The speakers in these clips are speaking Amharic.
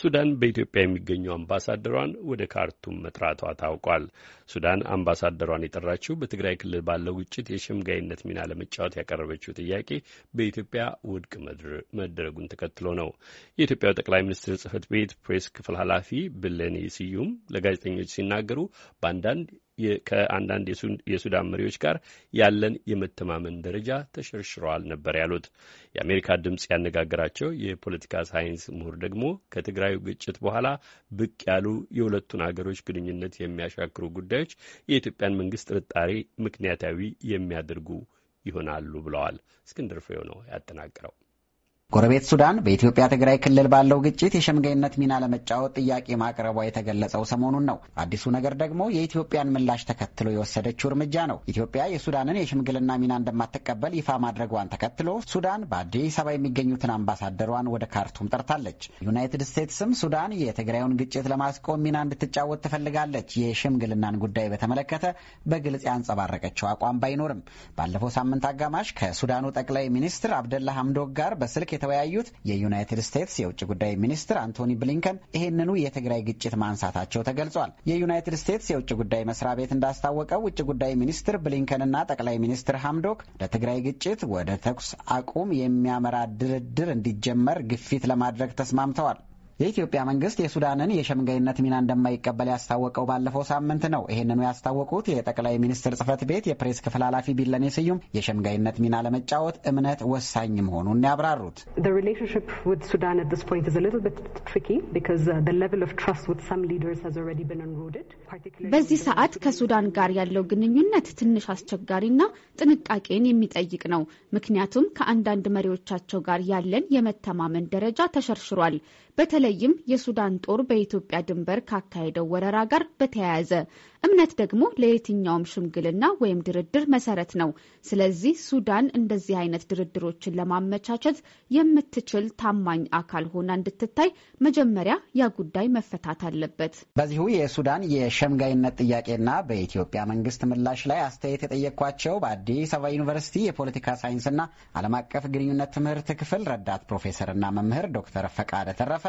ሱዳን በኢትዮጵያ የሚገኙ አምባሳደሯን ወደ ካርቱም መጥራቷ ታውቋል። ሱዳን አምባሳደሯን የጠራችው በትግራይ ክልል ባለው ግጭት የሸምጋይነት ሚና ለመጫወት ያቀረበችው ጥያቄ በኢትዮጵያ ውድቅ መደረጉን ተከትሎ ነው። የኢትዮጵያው ጠቅላይ ሚኒስትር ጽህፈት ቤት ፕሬስ ክፍል ኃላፊ ብለኔ ስዩም ለጋዜጠኞች ሲናገሩ በአንዳንድ ከአንዳንድ የሱዳን መሪዎች ጋር ያለን የመተማመን ደረጃ ተሸርሽረዋል ነበር ያሉት። የአሜሪካ ድምፅ ያነጋገራቸው የፖለቲካ ሳይንስ ምሁር ደግሞ ከትግራዩ ግጭት በኋላ ብቅ ያሉ የሁለቱን አገሮች ግንኙነት የሚያሻክሩ ጉዳዮች የኢትዮጵያን መንግስት ጥርጣሬ ምክንያታዊ የሚያደርጉ ይሆናሉ ብለዋል። እስክንድር ፍሬው ነው ያጠናቀረው። ጎረቤት ሱዳን በኢትዮጵያ ትግራይ ክልል ባለው ግጭት የሸምጋይነት ሚና ለመጫወት ጥያቄ ማቅረቧ የተገለጸው ሰሞኑን ነው። አዲሱ ነገር ደግሞ የኢትዮጵያን ምላሽ ተከትሎ የወሰደችው እርምጃ ነው። ኢትዮጵያ የሱዳንን የሽምግልና ሚና እንደማትቀበል ይፋ ማድረጓን ተከትሎ ሱዳን በአዲስ አበባ የሚገኙትን አምባሳደሯን ወደ ካርቱም ጠርታለች። ዩናይትድ ስቴትስም ሱዳን የትግራዩን ግጭት ለማስቆም ሚና እንድትጫወት ትፈልጋለች። የሽምግልናን ጉዳይ በተመለከተ በግልጽ ያንጸባረቀችው አቋም ባይኖርም ባለፈው ሳምንት አጋማሽ ከሱዳኑ ጠቅላይ ሚኒስትር አብደላ ሐምዶክ ጋር በስልክ የተወያዩት የዩናይትድ ስቴትስ የውጭ ጉዳይ ሚኒስትር አንቶኒ ብሊንከን ይህንኑ የትግራይ ግጭት ማንሳታቸው ተገልጿል። የዩናይትድ ስቴትስ የውጭ ጉዳይ መስሪያ ቤት እንዳስታወቀው ውጭ ጉዳይ ሚኒስትር ብሊንከንና ጠቅላይ ሚኒስትር ሀምዶክ ለትግራይ ግጭት ወደ ተኩስ አቁም የሚያመራ ድርድር እንዲጀመር ግፊት ለማድረግ ተስማምተዋል። የኢትዮጵያ መንግስት የሱዳንን የሸምጋይነት ሚና እንደማይቀበል ያስታወቀው ባለፈው ሳምንት ነው። ይህንኑ ያስታወቁት የጠቅላይ ሚኒስትር ጽህፈት ቤት የፕሬስ ክፍል ኃላፊ ቢለኔ ስዩም የሸምጋይነት ሚና ለመጫወት እምነት ወሳኝ መሆኑን ያብራሩት uh, በዚህ ሰዓት ከሱዳን ጋር ያለው ግንኙነት ትንሽ አስቸጋሪና ጥንቃቄን የሚጠይቅ ነው። ምክንያቱም ከአንዳንድ መሪዎቻቸው ጋር ያለን የመተማመን ደረጃ ተሸርሽሯል። በተለይም የሱዳን ጦር በኢትዮጵያ ድንበር ካካሄደው ወረራ ጋር በተያያዘ እምነት ደግሞ ለየትኛውም ሽምግልና ወይም ድርድር መሰረት ነው። ስለዚህ ሱዳን እንደዚህ አይነት ድርድሮችን ለማመቻቸት የምትችል ታማኝ አካል ሆና እንድትታይ መጀመሪያ ያ ጉዳይ መፈታት አለበት። በዚሁ የሱዳን የሸምጋይነት ጥያቄና በኢትዮጵያ መንግስት ምላሽ ላይ አስተያየት የጠየኳቸው በአዲስ አበባ ዩኒቨርሲቲ የፖለቲካ ሳይንስና ዓለም አቀፍ ግንኙነት ትምህርት ክፍል ረዳት ፕሮፌሰርና መምህር ዶክተር ፈቃደ ተረፈ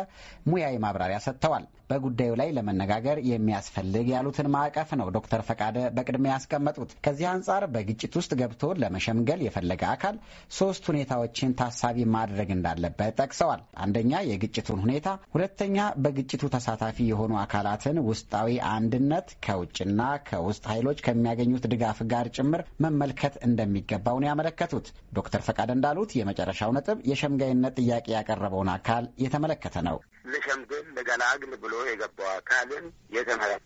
ሙያዊ ማብራሪያ ሰጥተዋል። በጉዳዩ ላይ ለመነጋገር የሚያስፈልግ ያሉትን ማዕቀ ማዕቀፍ ነው ዶክተር ፈቃደ በቅድሚያ ያስቀመጡት። ከዚህ አንጻር በግጭት ውስጥ ገብቶ ለመሸምገል የፈለገ አካል ሶስት ሁኔታዎችን ታሳቢ ማድረግ እንዳለበት ጠቅሰዋል። አንደኛ የግጭቱን ሁኔታ፣ ሁለተኛ በግጭቱ ተሳታፊ የሆኑ አካላትን ውስጣዊ አንድነት ከውጭና ከውስጥ ኃይሎች ከሚያገኙት ድጋፍ ጋር ጭምር መመልከት እንደሚገባው ነው ያመለከቱት። ዶክተር ፈቃደ እንዳሉት የመጨረሻው ነጥብ የሸምጋይነት ጥያቄ ያቀረበውን አካል የተመለከተ ነው። ልሸምግል ልገላግል ብሎ የገባው አካልን የተመለከተ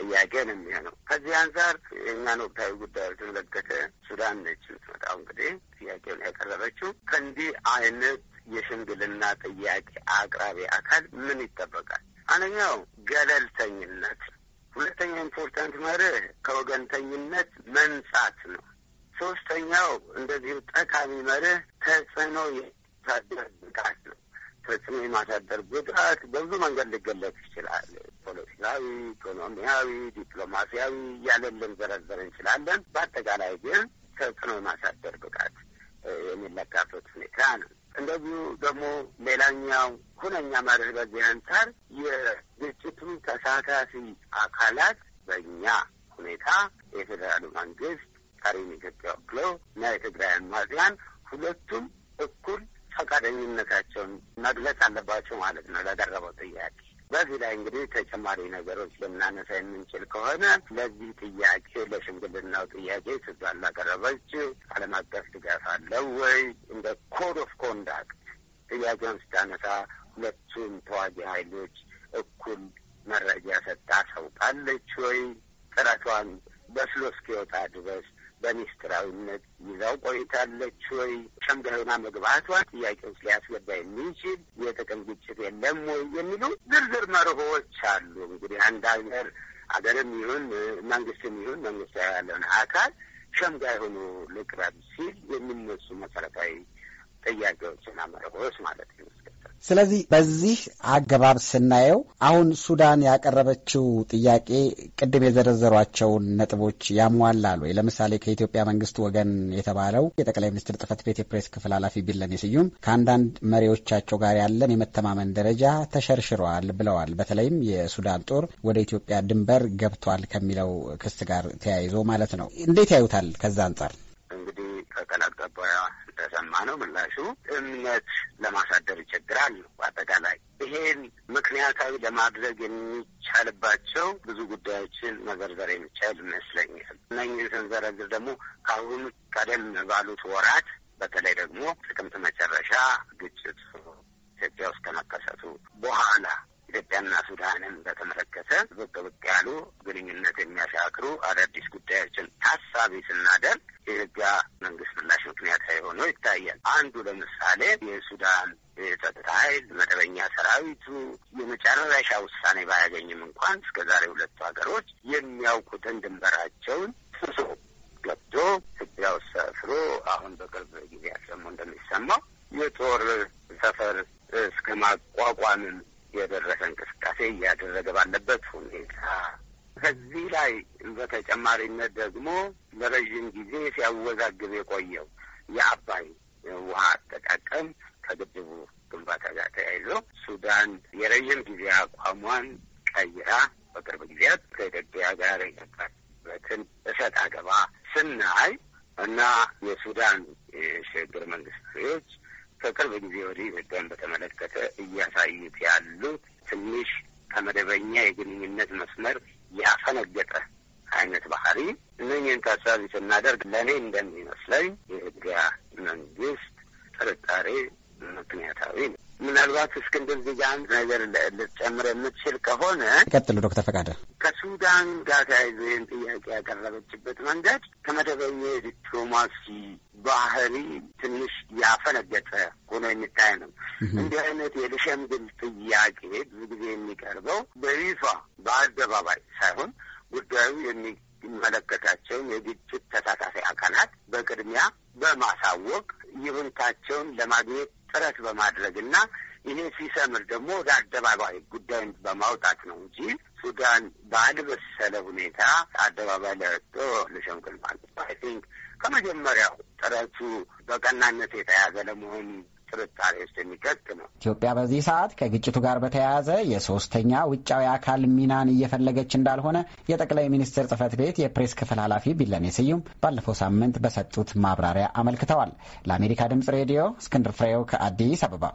ጥያቄ ነው የሚሆነው። ከዚህ አንጻር የእኛን ወቅታዊ ጉዳዮች በተመለከተ ሱዳን ነች የምትመጣው እንግዲህ ጥያቄውን ያቀረበችው ከእንዲህ አይነት የሽምግልና ጥያቄ አቅራቢ አካል ምን ይጠበቃል? አንደኛው ገለልተኝነት፣ ሁለተኛ ኢምፖርታንት መርህ ከወገንተኝነት መንጻት ነው። ሶስተኛው እንደዚሁ ጠቃሚ መርህ ተጽዕኖ የማሳደር ብቃት ነው። ተጽዕኖ የማሳደር ብቃት በብዙ መንገድ ሊገለጽ ይችላል። ፖለቲካዊ፣ ኢኮኖሚያዊ፣ ዲፕሎማሲያዊ እያለን ልንዘረዘር እንችላለን። በአጠቃላይ ግን ተጽዕኖ የማሳደር ብቃት የሚለካበት ሁኔታ ነው። እንደዚሁ ደግሞ ሌላኛው ሁነኛ መርህ በዚህ አንጻር የግጭቱ ተሳታፊ አካላት በእኛ ሁኔታ የፌዴራሉ መንግስት ቀሪን ኢትዮጵያ ወክሎ እና የትግራይ አማጽያን ሁለቱም እኩል ፈቃደኝነታቸውን መግለጽ አለባቸው ማለት ነው ለቀረበው ጥያቄ በዚህ ላይ እንግዲህ ተጨማሪ ነገሮች ልናነሳ የምንችል ከሆነ ለዚህ ጥያቄ ለሽምግልናው ጥያቄ ስዛን ላቀረበች ዓለም አቀፍ ድጋፍ አለው ወይ? እንደ ኮድ ኦፍ ኮንዳክት ጥያቄውን ስታነሳ ሁለቱም ተዋጊ ኃይሎች እኩል መረጃ ሰጥታ ሰውቃለች ወይ? ጥረቷን በስሎ እስኪወጣ ድረስ በሚስጥራዊነት ይዛው ቆይታለች ወይ? ሸምጋዮና መግባቷ ጥያቄ ውስጥ ሊያስገባ የሚችል የጥቅም ግጭት የለም ወይ የሚሉ ዝርዝር መርሆዎች አሉ። እንግዲህ አንድ ሀገር አገርም ይሁን መንግስትም ይሁን መንግስት ያለውን አካል ሸምጋይ ሆኖ ልቅረብ ሲል የሚነሱ መሰረታዊ ጥያቄዎችና መርሆዎች ማለት ነው። ስለዚህ በዚህ አገባብ ስናየው አሁን ሱዳን ያቀረበችው ጥያቄ ቅድም የዘረዘሯቸውን ነጥቦች ያሟላሉ ወይ? ለምሳሌ ከኢትዮጵያ መንግስት ወገን የተባለው የጠቅላይ ሚኒስትር ጽህፈት ቤት የፕሬስ ክፍል ኃላፊ ቢለኔ ስዩም ከአንዳንድ መሪዎቻቸው ጋር ያለን የመተማመን ደረጃ ተሸርሽሯል ብለዋል። በተለይም የሱዳን ጦር ወደ ኢትዮጵያ ድንበር ገብቷል ከሚለው ክስ ጋር ተያይዞ ማለት ነው። እንዴት ያዩታል ከዛ አንጻር? የሚሰማ ነው ምላሹ። እምነት ለማሳደር ይቸግራል አጠቃላይ ይሄን ምክንያታዊ ለማድረግ የሚቻልባቸው ብዙ ጉዳዮችን መዘርዘር የሚቻል ይመስለኛል። እነኝህን ስንዘረዝር ደግሞ ከአሁኑ ቀደም ባሉት ወራት በተለይ ደግሞ ጥቅምት መጨረሻ ግጭት ኢትዮጵያ ውስጥ ከመከሰቱ በኋላ ኢትዮጵያና ሱዳንን በተመለከተ ብቅ ብቅ ያሉ ግንኙነት የሚያሻክሩ አዳዲስ ጉዳዮችን ታሳቢ ስናደርግ የኢትዮጵያ መንግስት ምላሽ ምክንያታዊ ሆኖ ይታያል። አንዱ ለምሳሌ የሱዳን የጸጥታ ኃይል መደበኛ ሰራዊቱ የመጨረሻ ውሳኔ ባያገኝም እንኳን እስከ ዛሬ ሁለቱ ሀገሮች የሚያውቁትን ድንበራቸውን ስሶ ገብቶ ኢትዮጵያ ውስጥ ሰፍሮ አሁን በቅርብ ጊዜ ያሰሙ እንደሚሰማው የጦር ሰፈር እስከ ማቋቋምም የደረሰ እንቅስቃሴ እያደረገ ባለበት ሁኔታ ከዚህ ላይ በተጨማሪነት ደግሞ ለረዥም ጊዜ ሲያወዛግብ የቆየው የአባይ ውሃ አጠቃቀም ከግድቡ ግንባታ ጋር ተያይዞ ሱዳን የረዥም ጊዜ አቋሟን ቀይራ በቅርብ ጊዜያት ከኢትዮጵያ ጋር የገባበትን እሰጥ አገባ ስናይ እና የሱዳን የሽግግር መንግስት ፍሬዎች ከቅርብ ጊዜ ወዲህ ኢትዮጵያን በተመለከተ እያሳዩት ያለ ከመደበኛ የግንኙነት መስመር ያፈነገጠ አይነት ባህሪ እነኝህን ታሳቢ ስናደርግ ለእኔ እንደሚመስለኝ የህጋ ምናልባት እስክንድር ዜጋ ነገር ልጨምር የምትችል ከሆነ ቀጥሉ ዶክተር ፈቃደ። ከሱዳን ጋር ተያይዞ ይህን ጥያቄ ያቀረበችበት መንገድ ከመደበኛ የዲፕሎማሲ ባህሪ ትንሽ ያፈነገጠ ሆኖ የሚታይ ነው። እንዲህ አይነት የልሸምግል ጥያቄ ብዙ ጊዜ የሚቀርበው በይፋ በአደባባይ ሳይሆን ጉዳዩ የሚመለከታቸውን የግጭት ተሳታፊ አካላት በቅድሚያ በማሳወቅ ይሁንታቸውን ለማግኘት ጥረት በማድረግና ይሄ ሲሰምር ደግሞ ወደ አደባባይ ጉዳዩን በማውጣት ነው እንጂ ሱዳን ባልበሰለ ሁኔታ አደባባይ ለወጥቶ ልሸምቅል ማለት አይ ቲንክ ከመጀመሪያው ጥረቱ በቀናነት የተያዘ ለመሆኑ ጥርጣሬ ውስጥ ነው። ኢትዮጵያ በዚህ ሰዓት ከግጭቱ ጋር በተያያዘ የሶስተኛ ውጫዊ አካል ሚናን እየፈለገች እንዳልሆነ የጠቅላይ ሚኒስትር ጽህፈት ቤት የፕሬስ ክፍል ኃላፊ ቢለኔ ስዩም ባለፈው ሳምንት በሰጡት ማብራሪያ አመልክተዋል። ለአሜሪካ ድምጽ ሬዲዮ እስክንድር ፍሬው ከአዲስ አበባ